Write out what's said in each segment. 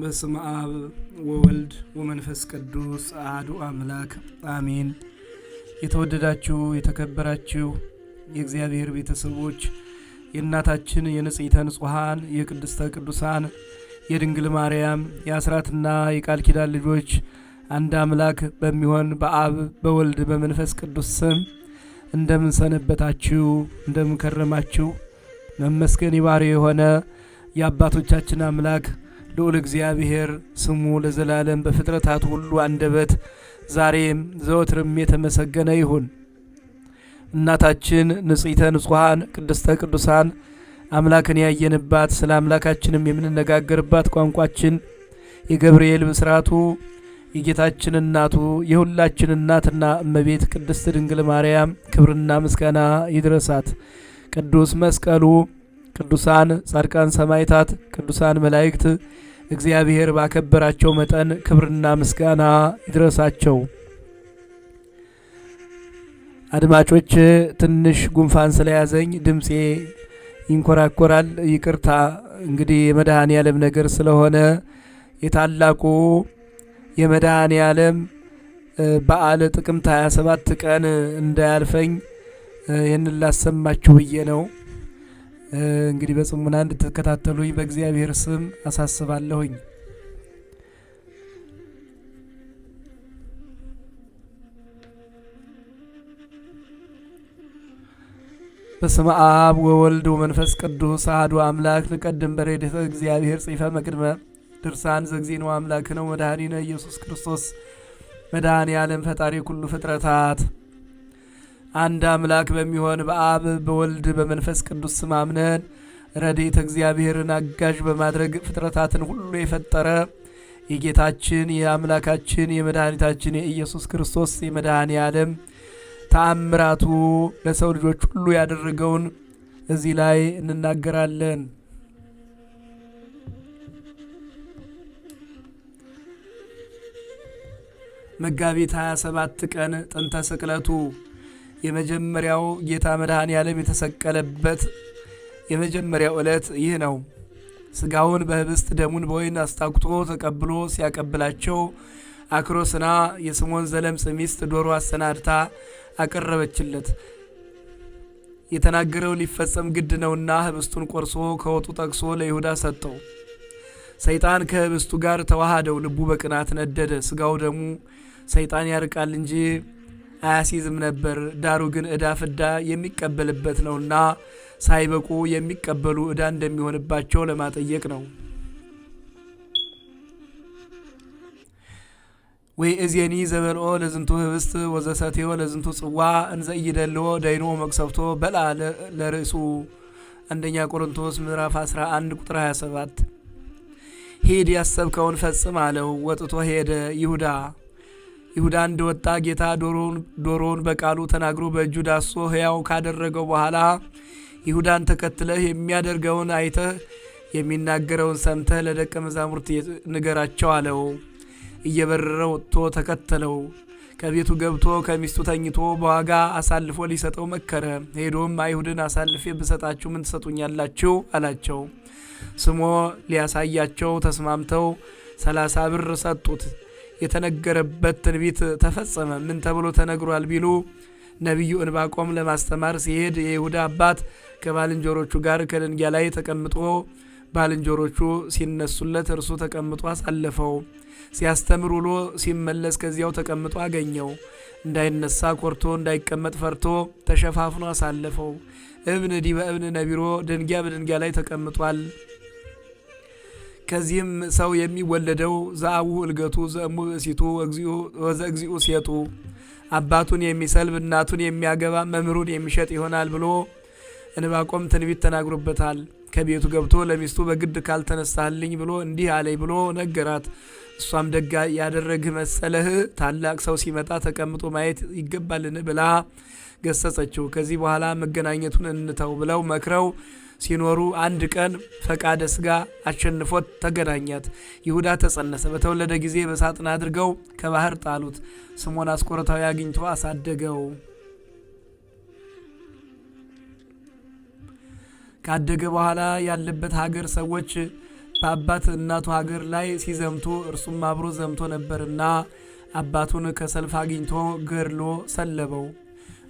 በስም አብ ወወልድ ወመንፈስ ቅዱስ አሐዱ አምላክ አሜን። የተወደዳችሁ የተከበራችሁ የእግዚአብሔር ቤተሰቦች የእናታችን የንጽሕተ ንጹሐን የቅድስተ ቅዱሳን የድንግል ማርያም የአስራትና የቃል ኪዳን ልጆች አንድ አምላክ በሚሆን በአብ በወልድ በመንፈስ ቅዱስ ስም እንደምን ሰነበታችሁ? እንደምን ከረማችሁ? መመስገን የባህሪ የሆነ የአባቶቻችን አምላክ ልዑል እግዚአብሔር ስሙ ለዘላለም በፍጥረታት ሁሉ አንደበት ዛሬም ዘወትርም የተመሰገነ ይሁን። እናታችን ንጽሕተ ንጹሐን ቅድስተ ቅዱሳን አምላክን ያየንባት ስለ አምላካችንም የምንነጋገርባት ቋንቋችን የገብርኤል ብስራቱ የጌታችን እናቱ የሁላችን እናትና እመቤት ቅድስት ድንግል ማርያም ክብርና ምስጋና ይድረሳት። ቅዱስ መስቀሉ፣ ቅዱሳን ጻድቃን ሰማዕታት፣ ቅዱሳን መላእክት እግዚአብሔር ባከበራቸው መጠን ክብርና ምስጋና ይድረሳቸው። አድማጮች ትንሽ ጉንፋን ስለያዘኝ ድምፄ ይንኮራኮራል፣ ይቅርታ። እንግዲህ የመድኃኔ ዓለም ነገር ስለሆነ የታላቁ የመድኃኔ ዓለም በአለ ጥቅምት 27 ቀን እንዳያልፈኝ ይህንን ላሰማችሁ ብዬ ነው። እንግዲህ በጽሙና እንድትከታተሉኝ በእግዚአብሔር ስም አሳስባለሁኝ። በስመ አብ ወወልድ ወመንፈስ ቅዱስ አሐዱ አምላክ ንቀድም በረድኤተ እግዚአብሔር ጽፈ መቅድመ ድርሳን ዘግዜን አምላክ ነው መድኃኒነ ኢየሱስ ክርስቶስ መድኃኔ ዓለም ፈጣሪ ኩሉ ፍጥረታት አንድ አምላክ በሚሆን በአብ በወልድ በመንፈስ ቅዱስ ስም አምነን ረድኤተ እግዚአብሔርን አጋዥ በማድረግ ፍጥረታትን ሁሉ የፈጠረ የጌታችን የአምላካችን የመድኃኒታችን የኢየሱስ ክርስቶስ የመድኃኔ ዓለም ተአምራቱ ለሰው ልጆች ሁሉ ያደረገውን እዚህ ላይ እንናገራለን። መጋቢት 27 ቀን ጥንተ ስቅለቱ የመጀመሪያው ጌታ መድኃኔ ዓለም የተሰቀለበት የመጀመሪያው ዕለት ይህ ነው። ስጋውን በህብስት ደሙን በወይን አስታቁጦ ተቀብሎ ሲያቀብላቸው አክሮስና የስምዖን ዘለምጽ ሚስት ዶሮ አሰናድታ አቀረበችለት። የተናገረው ሊፈጸም ግድ ነውና ህብስቱን ቆርሶ ከወጡ ጠቅሶ ለይሁዳ ሰጠው። ሰይጣን ከህብስቱ ጋር ተዋሃደው፣ ልቡ በቅናት ነደደ። ስጋው ደሙ ሰይጣን ያርቃል እንጂ አያሲዝም ነበር። ዳሩ ግን ዕዳ ፍዳ የሚቀበልበት ነውና ሳይበቁ የሚቀበሉ ዕዳ እንደሚሆንባቸው ለማጠየቅ ነው። ወይ እዜኒ ዘበልኦ ለዝንቱ ህብስት ወዘሰቴዎ ለዝንቱ ጽዋ እንዘ ደይኖ መቅሰፍቶ በላ ለርእሱ አንደኛ ቆሮንቶስ ምዕራፍ 11 ቁጥር 27። ሂድ ያሰብከውን ፈጽም አለው። ወጥቶ ሄደ። ይሁዳ ይሁዳ እንደወጣ ጌታ ዶሮውን በቃሉ ተናግሮ በእጁ ዳሶ ሕያው ካደረገው በኋላ ይሁዳን ተከትለህ የሚያደርገውን አይተህ የሚናገረውን ሰምተህ ለደቀ መዛሙርት ንገራቸው አለው። እየበረረ ወጥቶ ተከተለው። ከቤቱ ገብቶ ከሚስቱ ተኝቶ በዋጋ አሳልፎ ሊሰጠው መከረ። ሄዶም አይሁድን አሳልፌ ብሰጣችሁ ምን ትሰጡኛላችሁ? አላቸው። ስሞ ሊያሳያቸው ተስማምተው ሰላሳ ብር ሰጡት። የተነገረበት ትንቢት ተፈጸመ። ምን ተብሎ ተነግሯል ቢሉ ነቢዩ እንባቆም ለማስተማር ሲሄድ የይሁዳ አባት ከባልንጀሮቹ ጋር ከደንጊያ ላይ ተቀምጦ ባልንጀሮቹ ሲነሱለት እርሱ ተቀምጦ አሳለፈው። ሲያስተምር ውሎ ሲመለስ ከዚያው ተቀምጦ አገኘው። እንዳይነሳ ኮርቶ እንዳይቀመጥ ፈርቶ ተሸፋፍኖ አሳለፈው። እብን ዲበ እብን ነቢሮ ድንጊያ በድንጊያ ላይ ተቀምጧል። ከዚህም ሰው የሚወለደው ዘአቡሁ እልገቱ ዘእሙ ብእሲቱ እግዚኡ ሴቱ አባቱን የሚሰልብ እናቱን የሚያገባ መምህሩን የሚሸጥ ይሆናል ብሎ እንባቆም ትንቢት ተናግሮበታል። ከቤቱ ገብቶ ለሚስቱ በግድ ካልተነሳህልኝ ብሎ እንዲህ አለኝ ብሎ ነገራት። እሷም ደጋ ያደረግህ መሰለህ ታላቅ ሰው ሲመጣ ተቀምጦ ማየት ይገባልን ብላ ገሰጸችው። ከዚህ በኋላ መገናኘቱን እንተው ብለው መክረው ሲኖሩ አንድ ቀን ፈቃደ ስጋ አሸንፎት ተገናኛት። ይሁዳ ተጸነሰ። በተወለደ ጊዜ በሳጥን አድርገው ከባህር ጣሉት። ስሞን አስቆረታዊ አግኝቶ አሳደገው። ካደገ በኋላ ያለበት ሀገር ሰዎች በአባት እናቱ ሀገር ላይ ሲዘምቱ እርሱም አብሮ ዘምቶ ነበርና አባቱን ከሰልፍ አግኝቶ ገድሎ ሰለበው።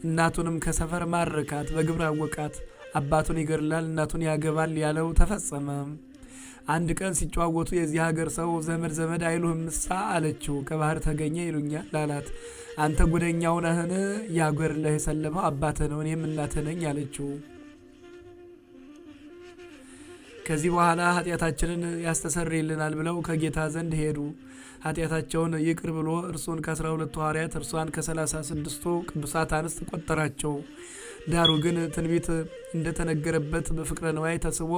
እናቱንም ከሰፈር ማረካት፣ በግብር አወቃት። አባቱን ይገድላል፣ እናቱን ያገባል ያለው ተፈጸመ። አንድ ቀን ሲጨዋወቱ የዚህ ሀገር ሰው ዘመድ ዘመድ አይሉህም ምሳ አለችው። ከባህር ተገኘ ይሉኛል አላት። አንተ ጉደኛው ነህን? ያጎርለህ የሰለመው አባትህ ነው፣ እኔም እናትህ ነኝ አለችው። ከዚህ በኋላ ኃጢአታችንን ያስተሰርይልናል ብለው ከጌታ ዘንድ ሄዱ። ኃጢአታቸውን ይቅር ብሎ እርሱን ከአስራ ሁለቱ ሐዋርያት እርሷን ከሰላሳ ስድስቱ ቅዱሳት አንስት ቆጠራቸው። ዳሩ ግን ትንቢት እንደተነገረበት በፍቅረ ነዋይ ተስቦ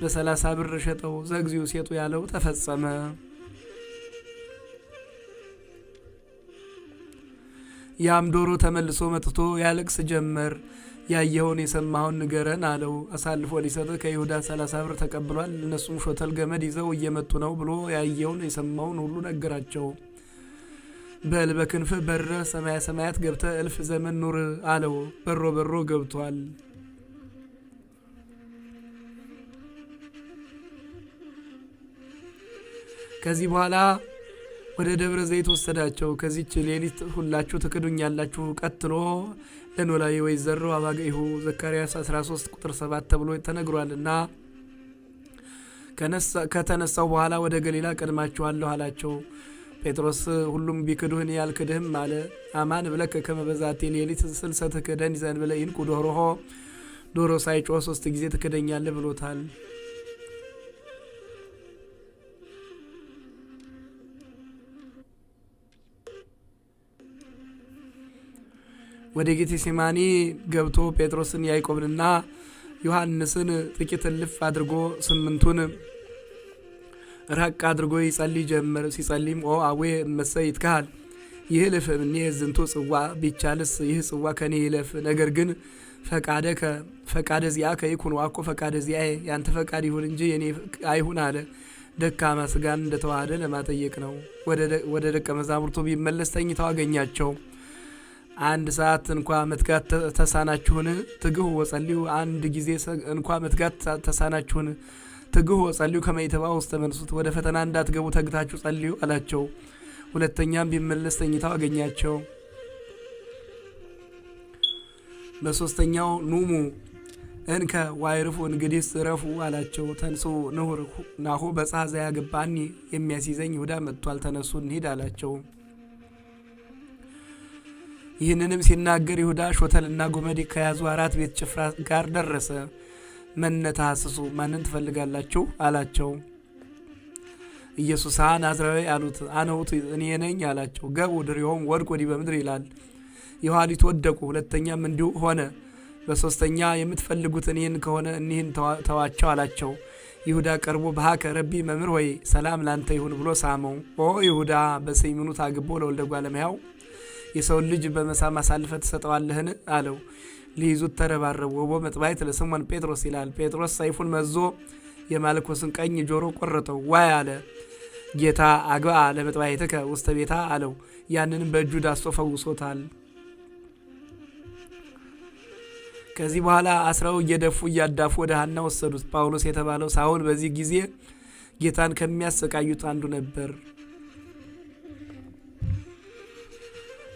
በሰላሳ ብር ሸጠው ዘግዚው ሴጡ ያለው ተፈጸመ። ያም ዶሮ ተመልሶ መጥቶ ያለቅስ ጀመር። ያየኸውን የሰማኸውን ንገረን አለው። አሳልፎ ሊሰጥህ ከይሁዳ ሰላሳ ብር ተቀብሏል፣ እነሱም ሾተል ገመድ ይዘው እየመጡ ነው ብሎ ያየውን የሰማውን ሁሉ ነገራቸው። በል በክንፍ በረ ሰማያ ሰማያት ገብተ እልፍ ዘመን ኑር አለው። በሮ በሮ ገብቷል። ከዚህ በኋላ ወደ ደብረ ዘይት ወሰዳቸው። ከዚች ሌሊት ሁላችሁ ትክዱኛላችሁ። ቀጥሎ ለኖላዊ ወይዘሮ አባገሁ ዘካርያስ 13 ቁጥር 7 ተብሎ ተነግሯልና ከተነሳው በኋላ ወደ ገሊላ ቀድማችኋለሁ አላቸው። ጴጥሮስ ሁሉም ቢክድህን ያልክድህም አለ። አማን ብለከ የሊት ስልሰት ክደን ይዘን ብለ ይንቁ ዶሮሆ ዶሮ ሳይጮ ሶስት ጊዜ ትክደኛለ ብሎታል። ወደ ጌቴሴማኒ ገብቶ ጴጥሮስን ያዕቆብንና ዮሐንስን ጥቂት እልፍ አድርጎ ስምንቱን ራቅ አድርጎ ይጸልይ ጀመር። ሲጸልይም ኦ አዌ መሰይ ይትካሃል ይህልፍ እኔ ዝንቱ ጽዋ ቢቻልስ ይህ ጽዋ ከኔ ይለፍ፣ ነገር ግን ፈቃደ ዚያ ከይኩን ዋኮ ፈቃደ ዚያ ያንተ ፈቃድ ይሁን እንጂ የኔ አይሁን አለ። ደካማ ስጋን እንደተዋሃደ ለማጠየቅ ነው። ወደ ደቀ መዛሙርቱ ቢመለስ ተኝተው አገኛቸው። አንድ ሰዓት እንኳ መትጋት ተሳናችሁን? ትግሁ ወጸልዩ አንድ ጊዜ እንኳ መትጋት ተሳናችሁን? ትግሆ ጸልዩ ከመ ውስጥ ውስተ መንሱት፣ ወደ ፈተና እንዳትገቡ ተግታችሁ ጸልዩ አላቸው። ሁለተኛም ቢመለስ ተኝታው አገኛቸው። በሶስተኛው ኑሙ እንከ ዋይርፉ እንግዲህ ረፉ አላቸው። ተንሶ ንሁር ናሆ በጽሐ ዘያገባኒ የሚያስይዘኝ ይሁዳ መጥቷል፣ ተነሱ እንሂድ አላቸው። ይህንንም ሲናገር ይሁዳ ሾተልና ጎመድ ከያዙ አራት ቤት ጭፍራ ጋር ደረሰ። መነታስሱ ማንን ትፈልጋላችሁ አላቸው። ኢየሱስ ናዝራዊ አሉት። አነውት እኔ ነኝ አላቸው። ገቡ ድሪሆም ወድቅ ወዲህ በምድር ይላል። የኋሊት ወደቁ። ሁለተኛም እንዲሁ ሆነ። በሶስተኛ የምትፈልጉት እኔን ከሆነ እኒህን ተዋቸው አላቸው። ይሁዳ ቀርቦ በሀከ ረቢ መምህር ሆይ ሰላም ላንተ ይሁን ብሎ ሳመው። ኦ ይሁዳ በሰይምኑት አግቦ ለወልደ እጓለ እመሕያው የሰውን ልጅ በመሳም አሳልፈ ትሰጠዋለህን አለው። ሊይዙት ተረባረቡ። ወቦ መጥባይት ለስሞን ጴጥሮስ ይላል። ጴጥሮስ ሰይፉን መዞ የማልኮስን ቀኝ ጆሮ ቆረጠው። ዋይ አለ ጌታ አግብአ ለመጥባይትከ ውስተ ቤታ አለው። ያንንም በእጁ ዳሶ ፈውሶታል። ከዚህ በኋላ አስረው እየደፉ እያዳፉ ወደ ሀና ወሰዱት። ጳውሎስ የተባለው ሳውል በዚህ ጊዜ ጌታን ከሚያሰቃዩት አንዱ ነበር።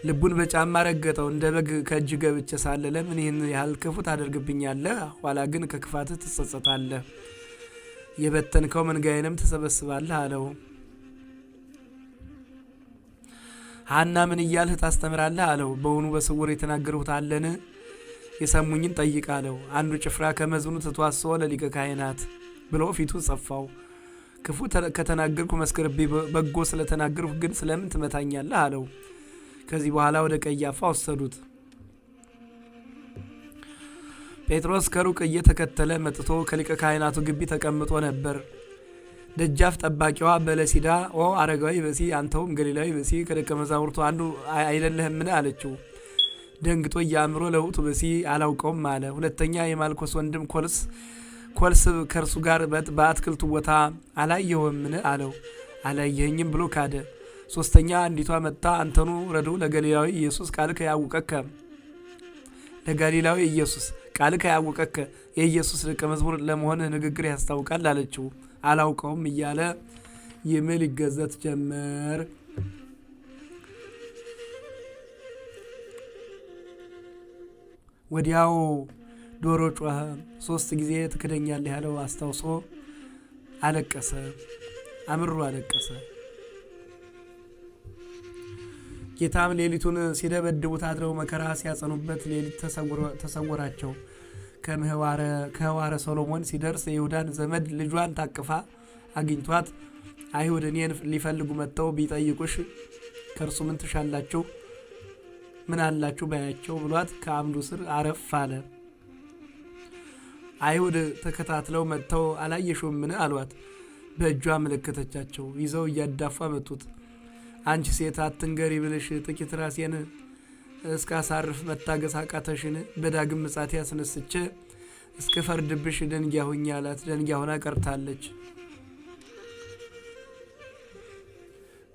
ልቡን በጫማ ረገጠው። እንደ በግ ከእጅ ገብቼ ሳለ ለምን ይህን ያህል ክፉ ታደርግብኛለህ? ኋላ ግን ከክፋትህ ትጸጸታለህ፣ የበተንከው መንጋዬንም ትሰበስባለህ አለው። ሐና ምን እያልህ ታስተምራለህ? አለው። በውኑ በስውር የተናገርሁት አለን? የሰሙኝን ጠይቅ አለው። አንዱ ጭፍራ ከመዝኑ ተተዋስኦ ለሊቀ ካህናት ብሎ ፊቱን ጸፋው። ክፉ ከተናገርኩ መስክርቤ፣ በጎ ስለተናገርኩ ግን ስለምን ትመታኛለህ? አለው። ከዚህ በኋላ ወደ ቀያፋ ወሰዱት። ጴጥሮስ ከሩቅ እየተከተለ መጥቶ ከሊቀ ካህናቱ ግቢ ተቀምጦ ነበር። ደጃፍ ጠባቂዋ በለሲዳ ኦ አረጋዊ በሲ አንተውም ገሊላዊ በሲ ከደቀ መዛሙርቱ አንዱ አይደለህምን? አለችው። ደንግጦ እያምሮ ለውጡ በሲ አላውቀውም አለ። ሁለተኛ የማልኮስ ወንድም ኮልስ ኮልስ ከእርሱ ጋር በአትክልቱ ቦታ አላየኸውምን? አለው። አላየኝም ብሎ ካደ። ሶስተኛ አንዲቷ መጥታ አንተኑ ረዱ ለገሊላዊ ኢየሱስ ቃል ከያውቀከ ለገሊላዊ ኢየሱስ ቃል ከያውቀከ የኢየሱስ ደቀ መዝሙር ለመሆንህ ንግግር ያስታውቃል አለችው። አላውቀውም እያለ ይምል ይገዘት ጀመር። ወዲያው ዶሮ ጮኸ። ሶስት ጊዜ ትክደኛለህ ያለው አስታውሶ አለቀሰ። አምሮ አለቀሰ። ጌታም ሌሊቱን ሲደበድቡት አድረው መከራ ሲያጸኑበት ሌሊት ተሰወራቸው። ከህዋረ ሶሎሞን ሲደርስ የይሁዳን ዘመድ ልጇን ታቅፋ አግኝቷት አይሁድ እኔን ሊፈልጉ መጥተው ቢጠይቁሽ ከእርሱ ምን ትሻላችሁ? ምን አላችሁ ባያቸው ብሏት ከአምዱ ስር አረፍ አለ። አይሁድ ተከታትለው መጥተው አላየሹም ምን አሏት። በእጇ መለከተቻቸው። ይዘው እያዳፉ አመጡት። አንቺ ሴት አትንገሪ ብልሽ ጥቂት ራሴን እስካሳርፍ መታገስ አቃተሽን በዳግም ምጻቴ ያስነስቼ እስከ ፈርድብሽ ደንጊያ ሁኝ አላት። ደንጊያ ሆና ቀርታለች።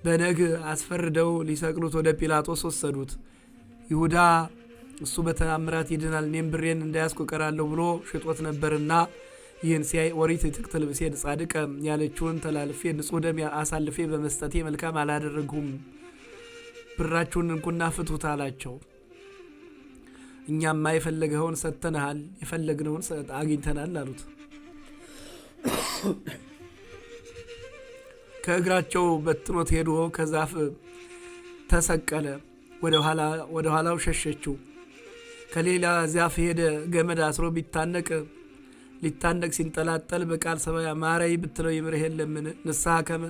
በነግ አስፈርደው ሊሰቅሉት ወደ ጲላጦስ ወሰዱት። ይሁዳ እሱ በተአምራት ይድናል፣ እኔም ብሬን እንዳያስቆቀራለሁ ብሎ ሽጦት ነበርና ይህን ሲያይ ኦሪት ትቅትልብሴን ጻድቅ ያለችውን ተላልፌ ንጹህ ደም አሳልፌ በመስጠቴ መልካም አላደረግሁም። ብራችሁን እንኩና ፍቱት አላቸው። እኛማ የፈለገውን ሰጥተንሃል፣ የፈለግነውን አግኝተናል አሉት። ከእግራቸው በትኖት ሄዶ ከዛፍ ተሰቀለ። ወደ ኋላው ሸሸችው። ከሌላ ዛፍ ሄደ ገመድ አስሮ ቢታነቅ ሊታነቅ ሲንጠላጠል በቃል ሰማያ ማረይ ብትለው ይምርህ የለምን? ንስሐ ከመ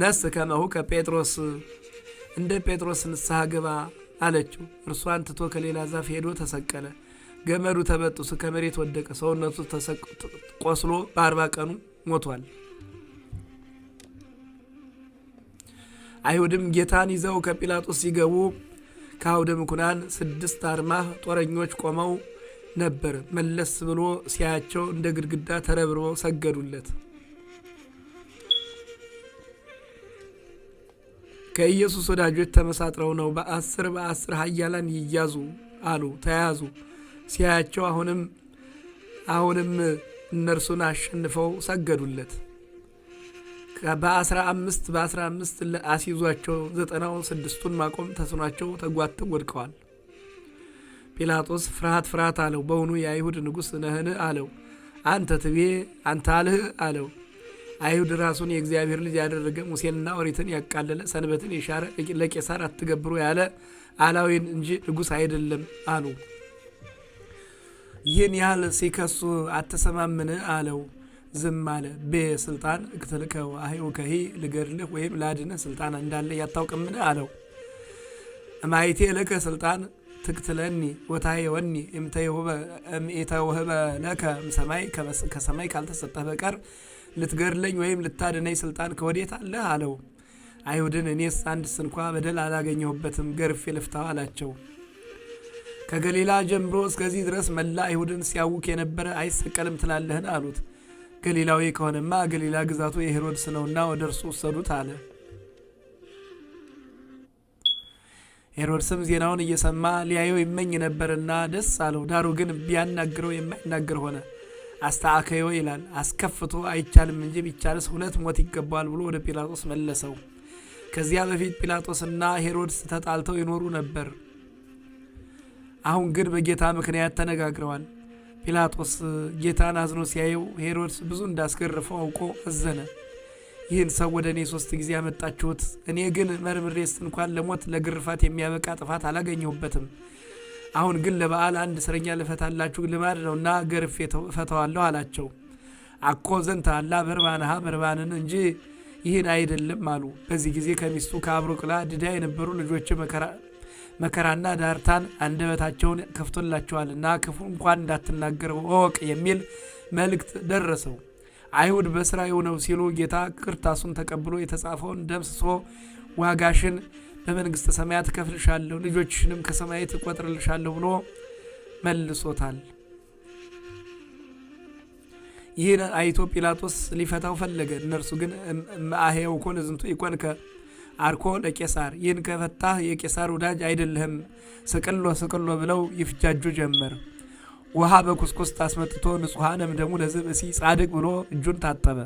ነስ ከመሁ ከጴጥሮስ እንደ ጴጥሮስ ንስሐ ግባ አለችው። እርሷን ትቶ ከሌላ ዛፍ ሄዶ ተሰቀለ። ገመዱ ተበጥሶ ከመሬት ወደቀ። ሰውነቱ ቆስሎ በአርባ ቀኑ ሞቷል። አይሁድም ጌታን ይዘው ከጲላጦስ ሲገቡ ከአውደ ምኩናን ስድስት አርማ ጦረኞች ቆመው ነበር። መለስ ብሎ ሲያያቸው እንደ ግድግዳ ተረብርበው ሰገዱለት። ከኢየሱስ ወዳጆች ተመሳጥረው ነው። በአስር በአስር ኃያላን ይያዙ አሉ፣ ተያዙ። ሲያያቸው አሁንም አሁንም እነርሱን አሸንፈው ሰገዱለት። በአስራ አምስት በአስራ አምስት አስይዟቸው ዘጠናው ስድስቱን ማቆም ተስኗቸው ተጓተው ወድቀዋል። ጲላጦስ ፍርሃት ፍርሃት አለው። በውኑ የአይሁድ ንጉሥ ነህን? አለው። አንተ ትቤ አንተ አልህ አለው። አይሁድ ራሱን የእግዚአብሔር ልጅ ያደረገ ሙሴንና ኦሪትን ያቃለለ ሰንበትን የሻረ ለቄሳር አትገብሩ ያለ አላዊን እንጂ ንጉሥ አይደለም አሉ። ይህን ያህል ሲከሱ አተሰማምን አለው። ዝም አለ። በስልጣን ክትልከው አህው ከሂ ልገድልህ ወይም ላድነህ ስልጣን እንዳለ ያታውቅምን? አለው። ማይቴ ለከ ስልጣን ትክትለኒ ወታየወኒ እምተውህበ ለከ እምሰማይ ከሰማይ ካልተሰጠህ በቀር ልትገድለኝ ወይም ልታድነኝ ስልጣን ከወዴት አለህ አለው። አይሁድን እኔስ አንድ ስንኳ በደል አላገኘሁበትም፣ ገርፌ ልፍታው አላቸው። ከገሊላ ጀምሮ እስከዚህ ድረስ መላ አይሁድን ሲያውክ የነበረ አይሰቀልም ትላለህን? አሉት። ገሊላዊ ከሆነማ ገሊላ ግዛቱ የሄሮድስ ነውና ወደ እርሱ ውሰዱት አለ። ሄሮድስም ዜናውን እየሰማ ሊያየው ይመኝ ነበርና ደስ አለው። ዳሩ ግን ቢያናግረው የማይናገር ሆነ። አስተአከዮ ይላል አስከፍቶ አይቻልም እንጂ ቢቻልስ ሁለት ሞት ይገባዋል ብሎ ወደ ጲላጦስ መለሰው። ከዚያ በፊት ጲላጦስና ሄሮድስ ተጣልተው ይኖሩ ነበር። አሁን ግን በጌታ ምክንያት ተነጋግረዋል። ጲላጦስ ጌታን አዝኖ ሲያየው ሄሮድስ ብዙ እንዳስገርፈው አውቆ አዘነ። ይህን ሰው ወደ እኔ ሶስት ጊዜ ያመጣችሁት፣ እኔ ግን መርምሬስ እንኳን ለሞት ለግርፋት የሚያበቃ ጥፋት አላገኘሁበትም። አሁን ግን ለበዓል አንድ እስረኛ ልፈታላችሁ ልማድ ነውና ገርፌ እፈታዋለሁ አላቸው። አኮ ዘንተ አላ በርባንሃ በርባንን እንጂ ይህን አይደለም አሉ። በዚህ ጊዜ ከሚስቱ ከአብሮ ቅላ ድዳ የነበሩ ልጆች መከራና ዳርታን አንደበታቸውን ከፍቶላቸዋልና ክፉ እንኳን እንዳትናገረው እወቅ የሚል መልእክት ደረሰው። አይሁድ በስራ የሆነው ሲሉ ጌታ ክርታሱን ተቀብሎ የተጻፈውን ደምስሶ ዋጋሽን በመንግሥተ ሰማያት ከፍልሻለሁ ልጆችንም ከሰማያት እቆጥርልሻለሁ ብሎ መልሶታል። ይህን አይቶ ጲላጦስ ሊፈታው ፈለገ። እነርሱ ግን ማአሄው ኮን ዝንቱ ይቆንከ አርኮ ለቄሳር፣ ይህን ከፈታህ የቄሳር ወዳጅ አይደለህም፣ ስቅሎ ስቅሎ ብለው ይፍጃጁ ጀመር። ውሃ በኩስኩስ ታስመጥቶ ንጹሐን እምደሙ ለዝብ እሲ ጻድቅ ብሎ እጁን ታጠበ።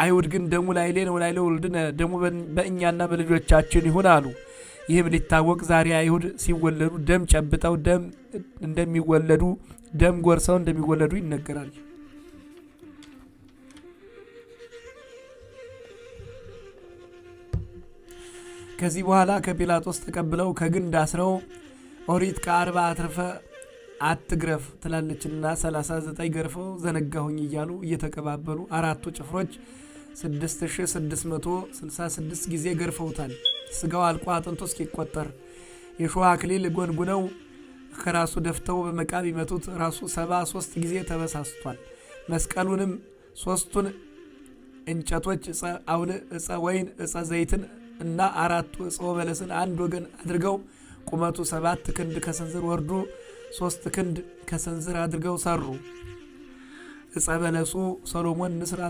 አይሁድ ግን ደሙ ላይሌ ነው ላይሌ ውልድነ ደሙ በእኛና በልጆቻችን ይሁን አሉ። ይህም ሊታወቅ ዛሬ አይሁድ ሲወለዱ ደም ጨብጠው ደም እንደሚወለዱ ደም ጎርሰው እንደሚወለዱ ይነገራል። ከዚህ በኋላ ከጲላጦስ ተቀብለው ከግንድ አስረው ኦሪት ከአርባ አትርፈ አትግረፍ ትላለችና 39 ገርፈው ዘነጋሁኝ እያሉ እየተቀባበሉ አራቱ ጭፍሮች 6666 ጊዜ ገርፈውታል። ስጋው አልቆ አጥንቶ እስኪቆጠር የሾህ አክሊል ጎንጉነው ከራሱ ደፍተው በመቃብ ይመቱት ራሱ 73 ጊዜ ተበሳስቷል። መስቀሉንም ሶስቱን እንጨቶች አውን አውል፣ ወይን፣ እፀ ዘይትን እና አራቱ እፀ በለስን አንድ ወገን አድርገው ቁመቱ ሰባት ክንድ ከስንዝር ወርዱ ሦስት ክንድ ከሰንዝር አድርገው ሰሩ። ዕፀ በለሱ ሰሎሞን ንስር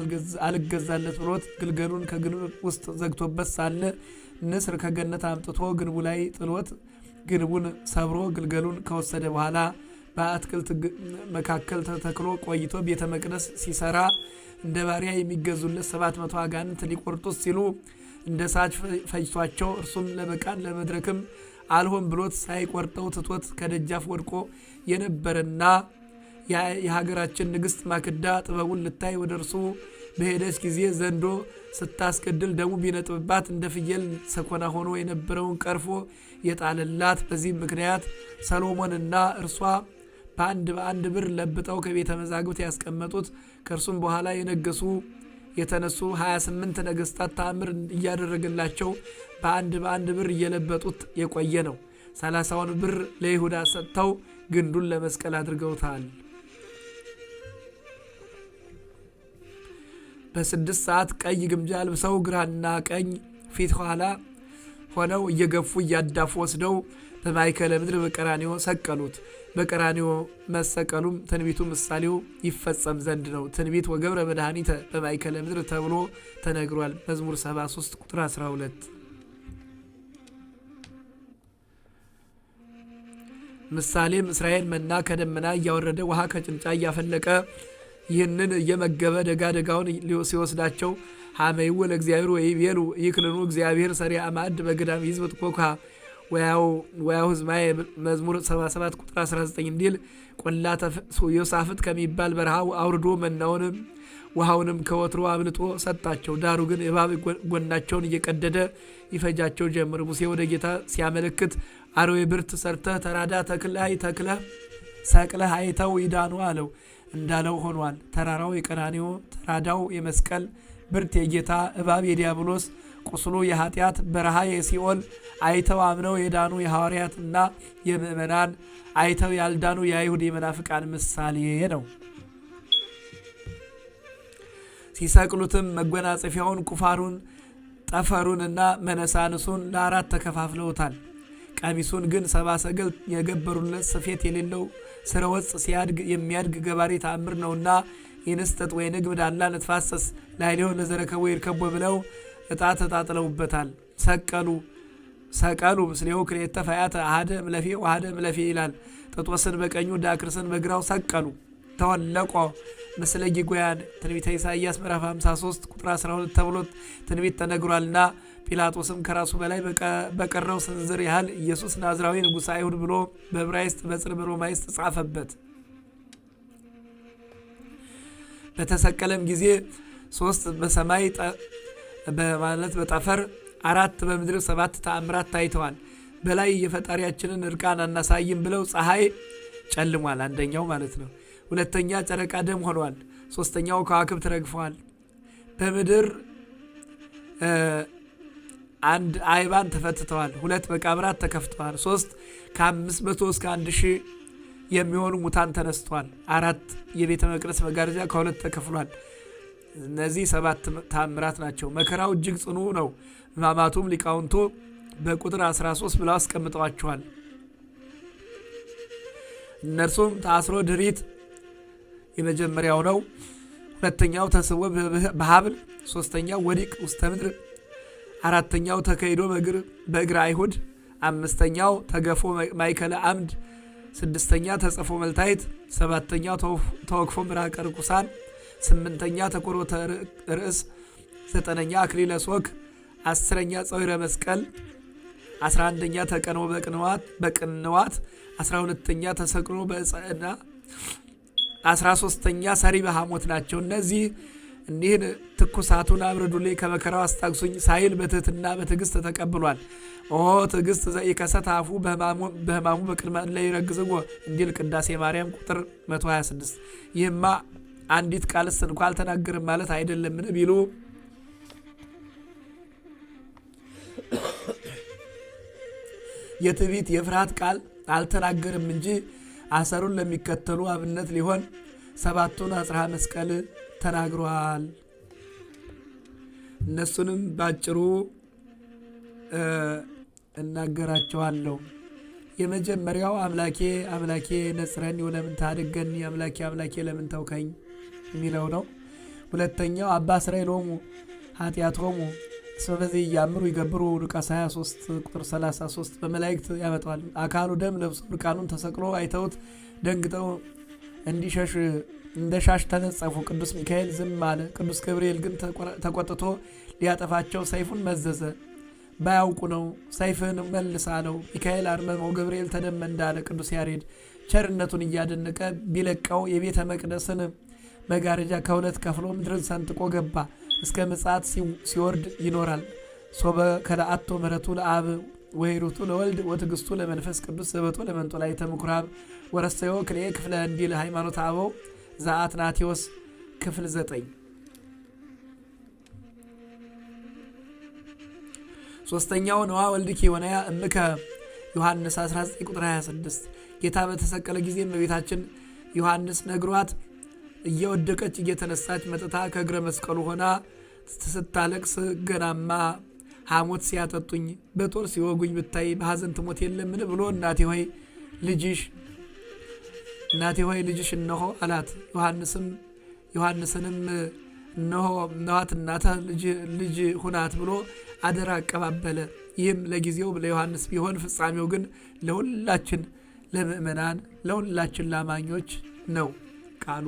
አልገዛለት ብሎት ግልገሉን ከግንብ ውስጥ ዘግቶበት ሳለ ንስር ከገነት አምጥቶ ግንቡ ላይ ጥሎት ግንቡን ሰብሮ ግልገሉን ከወሰደ በኋላ በአትክልት መካከል ተተክሎ ቆይቶ ቤተ መቅደስ ሲሰራ እንደ ባሪያ የሚገዙለት ሰባት መቶ አጋንንት ሊቆርጡት ሲሉ እንደ ሳች ፈጅቷቸው እርሱም ለበቃን ለመድረክም አልሆን ብሎት ሳይቆርጠው ትቶት ከደጃፍ ወድቆ የነበረና የሀገራችን ንግሥት ማክዳ ጥበቡን ልታይ ወደ እርሱ በሄደች ጊዜ ዘንዶ ስታስገድል ደሙ ቢነጥብባት እንደ ፍየል ሰኮና ሆኖ የነበረውን ቀርፎ የጣለላት። በዚህ ምክንያት ሰሎሞንና እርሷ በአንድ በአንድ ብር ለብጠው ከቤተ መዛግብት ያስቀመጡት ከእርሱም በኋላ የነገሱ የተነሱ 28 ነገስታት ተአምር እያደረገላቸው በአንድ በአንድ ብር እየለበጡት የቆየ ነው። ሰላሳውን ብር ለይሁዳ ሰጥተው ግንዱን ለመስቀል አድርገውታል። በስድስት ሰዓት ቀይ ግምጃ ለብሰው፣ ግራና ቀኝ ፊት ኋላ ሆነው እየገፉ እያዳፉ ወስደው በማይከለ ምድር በቀራኒዮ ሰቀሉት። በቀራኒዮ መሰቀሉም ትንቢቱ ምሳሌው ይፈጸም ዘንድ ነው። ትንቢት ወገብረ መድኃኒተ በማይከለ ምድር ተብሎ ተነግሯል። መዝሙር 73 ቁጥር 12። ምሳሌም እስራኤል መና ከደመና እያወረደ ውሃ ከጭንጫ እያፈለቀ ይህንን እየመገበ ደጋ ደጋውን ሲወስዳቸው ሀመይዎ ለእግዚአብሔር ወይቤሉ ይክልኑ እግዚአብሔር ሰሪያ ማዕድ በገዳም ይዝበት ኮካ ወያው ዝማይ መዝሙር 77 ቁጥር 19 እንዲል ቆላ ዮሳፍት ከሚባል በረሃ አውርዶ መናውንም ውሃውንም ከወትሮ አብልጦ ሰጣቸው። ዳሩ ግን እባብ ጎናቸውን እየቀደደ ይፈጃቸው ጀምር። ሙሴ ወደ ጌታ ሲያመለክት አርዌ ብርት ሰርተህ ተራዳ ተክላይ ተክለ ሰቅለህ አይተው ይዳኑ አለው። እንዳለው ሆኗል። ተራራው የቀራንዮ ተራዳው የመስቀል ብርት የጌታ እባብ የዲያብሎስ ቁስሉ የኃጢአት በረሃ የሲኦል አይተው አምነው የዳኑ የሐዋርያትና የምእመናን አይተው ያልዳኑ የአይሁድ የመናፍቃን ምሳሌ ነው። ሲሰቅሉትም መጎናጸፊያውን፣ ቁፋሩን፣ ጠፈሩንና መነሳንሱን ለአራት ተከፋፍለውታል። ቀሚሱን ግን ሰባ ሰገል የገበሩለት ስፌት የሌለው ስረ ወጥ ሲያድግ የሚያድግ ገባሬ ተአምር ነውና ይንስጠት ወይ ንግብ ዳላ ንትፋሰስ ላይሌሁ ለዘረከቦ ይርከቦ ብለው እጣ ተጣጥለውበታል። ሰቀሉ ሰቀሉ ምስሌሁ ክልኤተ ፈያተ አሐደ እምለፌ ወአሐደ እምለፌ ይላል። ጥጦስን በቀኙ ዳክርስን በግራው ሰቀሉ። ተወለቆ ምስለ ጊጎያን ትንቢተ ኢሳይያስ ምዕራፍ 53 ቁጥር 12 ተብሎ ትንቢት ተነግሯልና ጲላጦስም ከራሱ በላይ በቀረው ስንዝር ያህል ኢየሱስ ናዝራዊ ንጉሠ አይሁድ ብሎ በዕብራይስጥ በጽር በሮማይስጥ ጻፈበት። በተሰቀለም ጊዜ ሶስት በሰማይ ማለት በጠፈር አራት በምድር ሰባት ተአምራት ታይተዋል። በላይ የፈጣሪያችንን እርቃን አናሳይም ብለው ፀሐይ ጨልሟል፣ አንደኛው ማለት ነው። ሁለተኛ ጨረቃ ደም ሆኗል። ሶስተኛው ከዋክብት ረግፈዋል። በምድር አንድ አይባን ተፈትተዋል። ሁለት መቃብራት ተከፍተዋል። ሶስት ከአምስት መቶ እስከ አንድ ሺህ የሚሆኑ ሙታን ተነስቷል። አራት የቤተ መቅደስ መጋረጃ ከሁለት ተከፍሏል። እነዚህ ሰባት ታምራት ናቸው። መከራው እጅግ ጽኑ ነው። ሕማማቱም ሊቃውንቱ በቁጥር 13 ብለው አስቀምጠዋቸዋል። እነርሱም ታስሮ ድሪት የመጀመሪያው ነው። ሁለተኛው ተስቦ በሀብል፣ ሶስተኛው ወዲቅ ውስተ ምድር፣ አራተኛው ተከሂዶ በእግር አይሁድ፣ አምስተኛው ተገፎ ማይከለ አምድ ስድስተኛ ተጽፎ መልታይት፣ ሰባተኛ ተወክፎ ምራቀ ርኩሳን፣ ስምንተኛ ተኮሮተ ርእስ፣ ዘጠነኛ አክሊለ ሶክ፣ አስረኛ ፀዊረ መስቀል፣ አስራ አንደኛ ተቀኖ በቅንዋት፣ በቅንዋት፣ አስራ ሁለተኛ ተሰቅኖ በእጽዕና፣ አስራ ሶስተኛ ሰሪ በሐሞት ናቸው። እነዚህ እኒህን ትኩሳቱን አብርዱልኝ ከመከራው አስታግሱኝ ሳይል በትህትና በትዕግስት ተቀብሏል። ኦ ትዕግስት ዘኢከሰት አፉ በህማሙ በቅድመ ላይ ይረግዝዎ እንዲል ቅዳሴ ማርያም ቁጥር 126። ይህማ አንዲት ቃልስ እንኳ አልተናገርም ማለት አይደለምን ቢሉ የትዕቢት የፍርሃት ቃል አልተናገርም እንጂ አሰሩን ለሚከተሉ አብነት ሊሆን ሰባቱን አጽርሃ መስቀል ተናግሯል። እነሱንም ባጭሩ እናገራቸዋለሁ። የመጀመሪያው አምላኬ አምላኬ ነጽረኒ ለምን ታደገኒ አምላኬ አምላኬ ለምን ተውከኝ የሚለው ነው። ሁለተኛው አባ እስራኤሎሙ ኃጢአቶሙ እስመ በዚህ እያምሩ ይገብሩ ሉቃስ 23 ቁጥር 33 በመላእክት ያመጣዋል። አካሉ ደም ለብሶ እርቃኑን ተሰቅሎ አይተውት ደንግጠው እንዲሸሽ እንደ ሻሽ ተነጸፉ። ቅዱስ ሚካኤል ዝም አለ። ቅዱስ ገብርኤል ግን ተቆጥቶ ሊያጠፋቸው ሰይፉን መዘዘ። ባያውቁ ነው። ሰይፍህን መልስ አለው። ሚካኤል አርመመው፣ ገብርኤል ተደመ እንዳለ ቅዱስ ያሬድ ቸርነቱን እያደነቀ ቢለቀው የቤተ መቅደስን መጋረጃ ከሁለት ከፍሎ ምድርን ሰንጥቆ ገባ። እስከ ምጽአት ሲወርድ ይኖራል። ሶበ ከለአቶ ምሕረቱ ለአብ ወይሩቱ ለወልድ ወትግስቱ ለመንፈስ ቅዱስ ዘበቶ ለመንጦ ላይ ተምኩራብ ወረሰዮ ክልኤ ክፍለ እንዲል ሃይማኖት አበው ዘአትናቴዎስ ክፍል ዘጠኝ ሶስተኛው ነዋ ወልድኪ ወነያ እምከ ዮሐንስ 19 ቁጥር 26 ጌታ በተሰቀለ ጊዜ እመቤታችን ዮሐንስ ነግሯት እየወደቀች እየተነሳች መጥታ ከእግረ መስቀሉ ሆና ስታለቅስ ገናማ ሐሞት ሲያጠጡኝ በጦር ሲወጉኝ ብታይ በሐዘን ትሞት የለምን ብሎ እናቴ ሆይ ልጅሽ እናቴ ሆይ ልጅሽ እነሆ አላት። ዮሐንስም ዮሐንስንም እነሆ ነዋት እናትህ ልጅ ሁናት ብሎ አደራ አቀባበለ። ይህም ለጊዜው ለዮሐንስ ቢሆን ፍጻሜው ግን ለሁላችን ለምእመናን ለሁላችን ላማኞች ነው ቃሉ።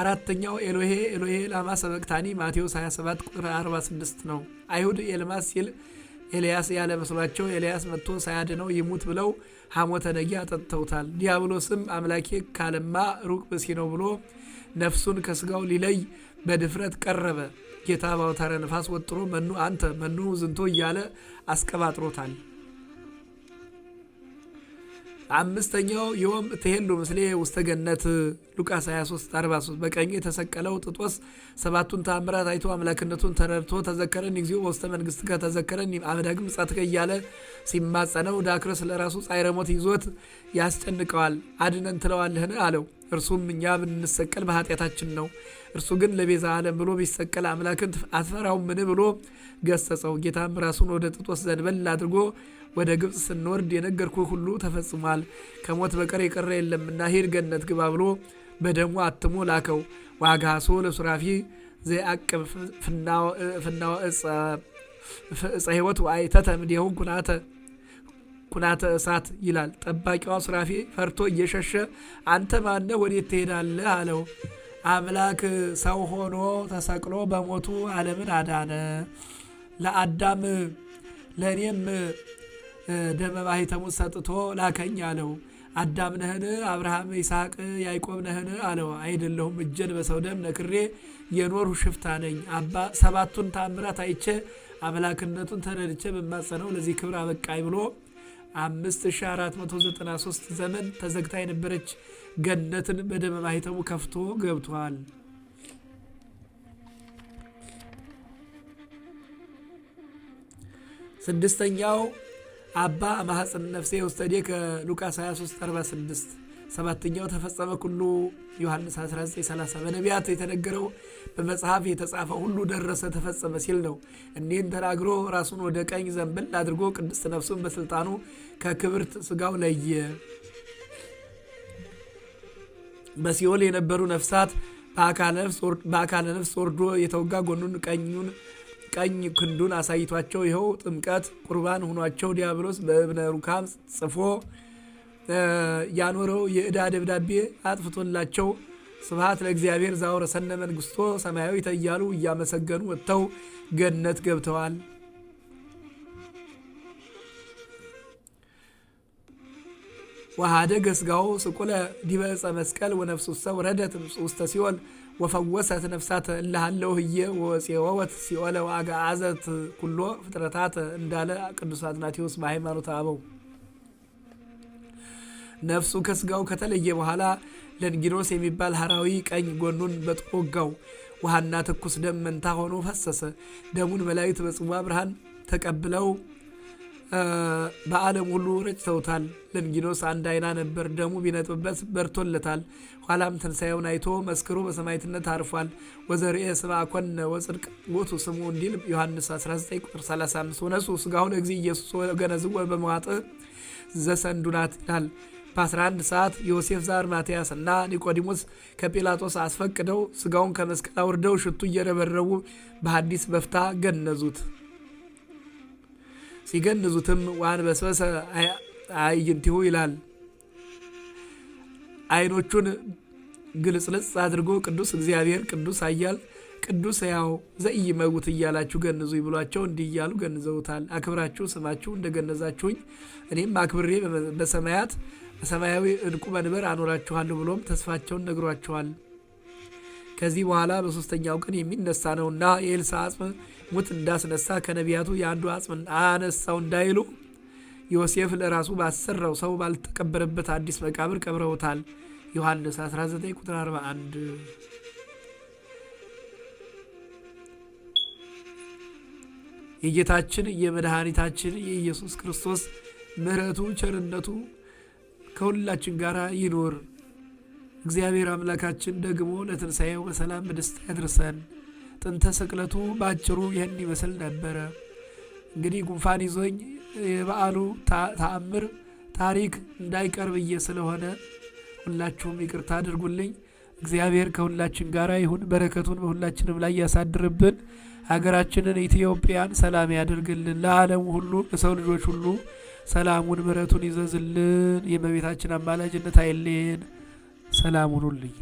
አራተኛው ኤሎሄ ኤሎሄ ላማ ሰበቅታኒ ማቴዎስ 27 ቁጥር 46 ነው። አይሁድ ኤልማስ ሲል ኤልያስ ያለ መስሏቸው ኤልያስ መጥቶ ሳያድነው ይሙት ብለው ሐሞተ ነጊ አጠጥተውታል። ዲያብሎስም አምላኬ ካለማ ሩቅ ብሲ ነው ብሎ ነፍሱን ከስጋው ሊለይ በድፍረት ቀረበ። ጌታ ባውታረ ነፋስ ወጥሮ መኑ አንተ መኑ ዝንቶ እያለ አስቀባጥሮታል። አምስተኛው የወም ትሄሉ ምስሌ ውስተ ገነት ሉቃስ 23 43 በቀኝ የተሰቀለው ጥጦስ ሰባቱን ተአምራት አይቶ አምላክነቱን ተረድቶ ተዘከረን እግዚኦ በውስተ መንግሥትከ ተዘከረን አመዳግም ጻትከ እያለ ሲማጸነው ዳክረስ ለራሱ ጻይረ ሞት ይዞት ያስጨንቀዋል። አድነን ትለዋለህን አለው። እርሱም እኛ ብንሰቀል በኃጢአታችን ነው፣ እርሱ ግን ለቤዛ ዓለም ብሎ ቢሰቀል አምላክን ምን ብሎ ገሰጸው። ጌታም ራሱን ወደ ጥጦስ ዘንበል አድርጎ ወደ ግብፅ ስንወርድ የነገርኩ ሁሉ ተፈጽሟል፣ ከሞት በቀር የቀረ የለምና ሂድ ገነት ግባ ብሎ በደሙ አትሞ ላከው። ሶ ለሱራፊ ዘአቅም ፍናወ ዕፀ ሕይወት ዋይ ተተምዴሁ ኩናተ ኩናተ እሳት ይላል። ጠባቂዋ ሱራፌ ፈርቶ እየሸሸ አንተ ማነህ? ወዴት ትሄዳለህ? አለው። አምላክ ሰው ሆኖ ተሰቅሎ በሞቱ ዓለምን አዳነ። ለአዳም ለእኔም ደመ ማኅተሙን ሰጥቶ ላከኝ አለው። አዳም ነህን? አብርሃም፣ ይስሐቅ፣ ያዕቆብ ነህን? አለው። አይደለሁም፣ እጄን በሰው ደም ነክሬ የኖርሁ ሽፍታ ነኝ። ሰባቱን ታምራት አይቼ አምላክነቱን ተረድቼ መማጸነው ለዚህ ክብር አበቃኝ ብሎ 5493 ዘመን ተዘግታ የነበረች ገነትን በደመ ማኅተሙ ከፍቶ ገብቷል። ስድስተኛው አባ ማኅፀን ነፍሴ ውስተዴ ከሉቃስ 2346 ሰባተኛው ተፈጸመ ኩሉ ዮሐንስ 1930 በነቢያት የተነገረው በመጽሐፍ የተጻፈ ሁሉ ደረሰ ተፈጸመ ሲል ነው። እኒህን ተናግሮ ራሱን ወደ ቀኝ ዘንብል አድርጎ ቅድስት ነፍሱን በስልጣኑ ከክብርት ስጋው ለየ። በሲኦል የነበሩ ነፍሳት በአካለ ነፍስ ወርዶ የተወጋ ጎኑን ቀኙን ቀኝ ክንዱን አሳይቷቸው ይኸው ጥምቀት ቁርባን ሆኗቸው ዲያብሎስ በእብነ ሩካም ጽፎ ያኖረው የእዳ ደብዳቤ አጥፍቶላቸው ስብሐት ለእግዚአብሔር ሰነ መንግስቶ ሰማያዊ እያሉ እያመሰገኑ ወጥተው ገነት ገብተዋል። ወሃደገ ስጋው ስቁለ ዲበ ዕፀ መስቀል ወነፍሱ ረደት ውስተ ሲኦል ወፈወሰት ነፍሳተ እለ ሀለወ ህዬ ወፄወወት ሲኦለ ወአግዓዘት ኩሎ ፍጥረታተ እንዳለ ቅዱስ አትናቴዎስ በሃይማኖት አበው ነፍሱ ከስጋው ከተለየ በኋላ ለንጊኖስ የሚባል ሐራዊ ቀኝ ጎኑን በጥወጋው ውሃና ትኩስ ደም መንታ ሆኖ ፈሰሰ። ደሙን መላእክት በጽዋ ብርሃን ተቀብለው በዓለም ሁሉ ረጭተውታል። ለንጊኖስ አንድ አይና ነበር፣ ደሙ ቢነጥብበት በርቶለታል። ኋላም ትንሣኤውን አይቶ መስክሮ በሰማይትነት አርፏል። ወዘርኤ ስማ ኮነ ወጽድቅ ቦቱ ስሙ እንዲል ዮሐንስ 19 ቁጥር 35 ወነሱ ስጋሁን ለእግዚእ ኢየሱስ ወገነዝወ በመዋጥ ዘሰንዱናት ይላል። በ11 ሰዓት ዮሴፍ ዛር ማትያስ እና ኒቆዲሞስ ከጲላጦስ አስፈቅደው ስጋውን ከመስቀል አውርደው ሽቱ እየረበረቡ በሐዲስ በፍታ ገነዙት። ሲገንዙትም ዋን በስበሰ አይይንቲሁ ይላል። አይኖቹን ግልጽልጽ አድርጎ ቅዱስ እግዚአብሔር፣ ቅዱስ አያል። ቅዱስ ዘይ መውት እያላችሁ ገንዙ ይብሏቸው። እንዲህ እያሉ ገንዘውታል። አክብራችሁ ስማችሁ እንደገነዛችሁኝ እኔም አክብሬ በሰማያት ሰማያዊ እንቁ መንበር አኖራችኋለሁ ብሎም ተስፋቸውን ነግሯቸዋል። ከዚህ በኋላ በሶስተኛው ቀን የሚነሳ ነውና የኤልሳ አጽም ሙት እንዳስነሳ ከነቢያቱ የአንዱ አጽም አነሳው እንዳይሉ ዮሴፍ ለራሱ ባሰራው ሰው ባልተቀበረበት አዲስ መቃብር ቀብረውታል። ዮሐንስ 19 ቁጥር 41። የጌታችን የመድኃኒታችን የኢየሱስ ክርስቶስ ምሕረቱ ቸርነቱ ከሁላችን ጋር ይኖር። እግዚአብሔር አምላካችን ደግሞ ለትንሣኤው በሰላም በደስታ ያድርሰን። ጥንተ ስቅለቱ በአጭሩ ይህን ይመስል ነበረ። እንግዲህ ጉንፋን ይዞኝ የበዓሉ ተአምር ታሪክ እንዳይቀር ብዬ ስለሆነ ሁላችሁም ይቅርታ አድርጉልኝ። እግዚአብሔር ከሁላችን ጋር ይሁን። በረከቱን በሁላችንም ላይ ያሳድርብን። ሀገራችንን ኢትዮጵያን ሰላም ያደርግልን። ለዓለም ሁሉ ለሰው ልጆች ሁሉ ሰላሙን ምረቱን ይዘዝልን። የእመቤታችን አማላጅነት አይልን። ሰላሙን ሁልይ